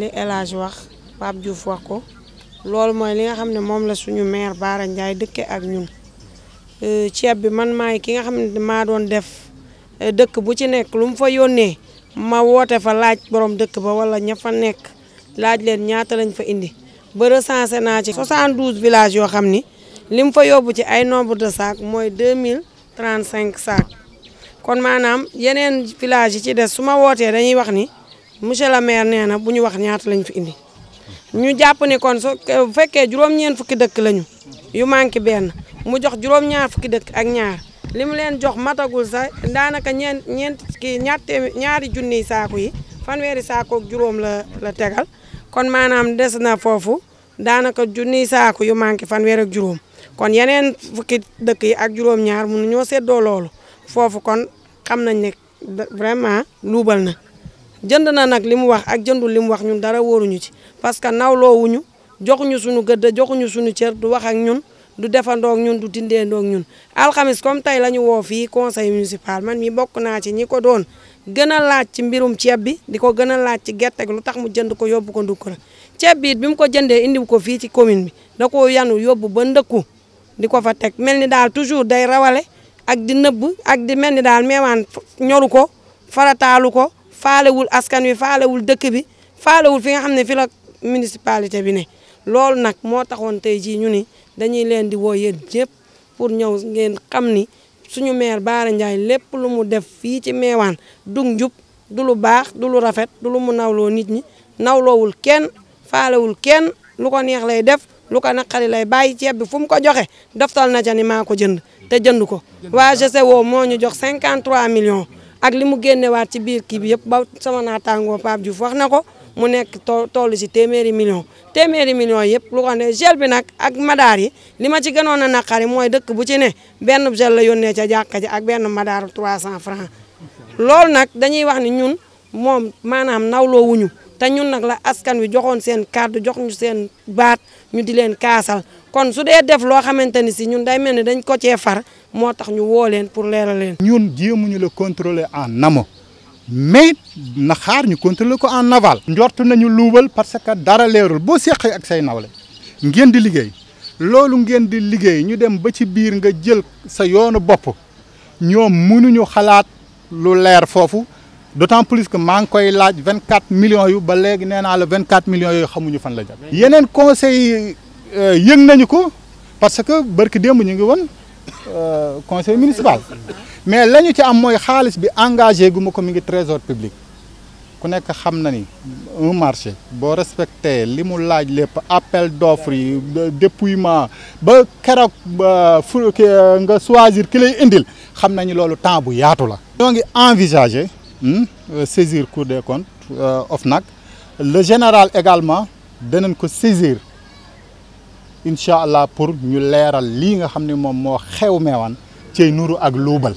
li El wax Pape Diouf wax ko loolu mooy li nga xam ne moom la suñu maire Bara Ndiaye dëkke ak ñun euh, ceeb bi man maay ki nga xam ne maa doon def euh, dëkk bu ci nekk lu mu fa yónnee ma woote fa laaj borom dëkk ba wala ña fa nekk laaj leen ñaata lañ fa indi ba recensé naa ci 72 villages yoo xam ni li mu fa yóbbu ci ay nombre de sac mooy cinq sac kon maanaam yeneen villages yi ci des su ma wootee dañuy wax ni monsieur le maire nee na bu ñu wax ñaata lañ fi indi ñu jàpp ne kon so bu fekkee juróom-ñeent fukki dëkk lañu yu manqué benn mu jox juróom-ñaar fukki dëkk ak ñaar li leen jox matagul sax daanaka ñeent ñeent kii ñattee ñaari junniy saako yi fanweeri saako ak juróom la la tegal kon maanaam des na foofu daanaka junniy saako yu manqué fanweer ak juróom kon yeneen fukki dëkk yi ak juróom-ñaar mënu ñoo kon xam nañ ne vraiment luubal na jënd na nag li mu wax ak jëndul li mu wax ñun dara wóoruñu ci parce que nawloowuñu joxuñu suñu gëdd joxuñu sunu cër du wax ak ñun du defandoog ñun du dindeendoo ñun alxamis comme tey la ñu woo fii conseil municipal man mi bokk naa ci ñi ko doon gën a laaj ci mbirum ceeb bi di ko gën a laaj ci gerte lu tax mu jënd ko yóbbu ko ndukk la ceeb bi it bi mu ko jëndee indiw ko fii ci commune bi da koo yanu yóbbu ba ndëkku di ko fa teg mel ni daal toujours day rawale ak di nëbb ak di mel ni daal meewaan ñoru ko farataalu ko faalewul askan wi faalewul dëkk bi faalewul fi nga xam ne fi la municipalité bi ne loolu nag moo taxoon tey jii ñu ni dañuy leen di woo yéen ñëpp pour ñëw ngeen xam ni suñu maire Bara Ndiaye lépp lu mu def fii ci Meewaan du njub du lu baax du lu rafet du lu mu naw loo nit ñi nawloowul kenn faalewul kenn lu ko neex lay def lu ko naqari lay bàyyi ceeb bi fu mu ko joxe doftal na ca ni maa ko jënd te jënd ko waa GCO moo ñu jox 53 millions ak li mu génnewaat ci biir kii bi yëpp ba sama naataangoo Pape Diouf wax na ko mu nekk too toll si téeméeri million téeméeri million yëpp lu ko ne gel bi nag ak madaar yi li ma ci gënoon a naqari mooy dëkk bu ci ne benn gel la yónnee ca jàkka ji ak benn madaaru 300 francs loolu nag dañuy wax ni ñun moom maanaam nawloo wuñu te ñun nag la askan wi joxoon seen kàddu jox ñu seen baat ñu di leen kaasal kon su dee def loo xamante ni si ñun day mel ni dañ ko cee far moo tax ñu woo leen pour leeral ñun jéemuñu la contrôler en namo mais na xaar ñu contrôler ko en aval. njort nañu luubal parce que dara leerul boo seqee ak say nawle ngeen di liggéey loolu ngeen di liggéey ñu dem ba ci biir nga jël sa yoonu bopp ñoom mënuñu xalaat lu leer foofu. d' autant plus que maa ngi koy laaj vingt quatre million yu ba léegi nee naa la vingt quatre millions yooyu xamuñu fan la jëm. yeneen conseil euh, yëg nañu ko parce que barki démb ñu ngi woon euh, conseil municipal mais la ñu ci am mooy xaalis bi engagé guma ko mi ngi trésor public ku nekk xam na ni un marché boo respecté li mu laaj lépp appel d' offre yi ba keroog ba fu nga choisir ki lay indil xam nañu loolu temps bu yaatu la. ñoo ngi envisagé. hmm, euh, saisir cour des comptes euh, OFNAC le général également danañ ko saisir inshallah pour ñu léral li nga xamni mom mo xew mewan ci nuru ak luubal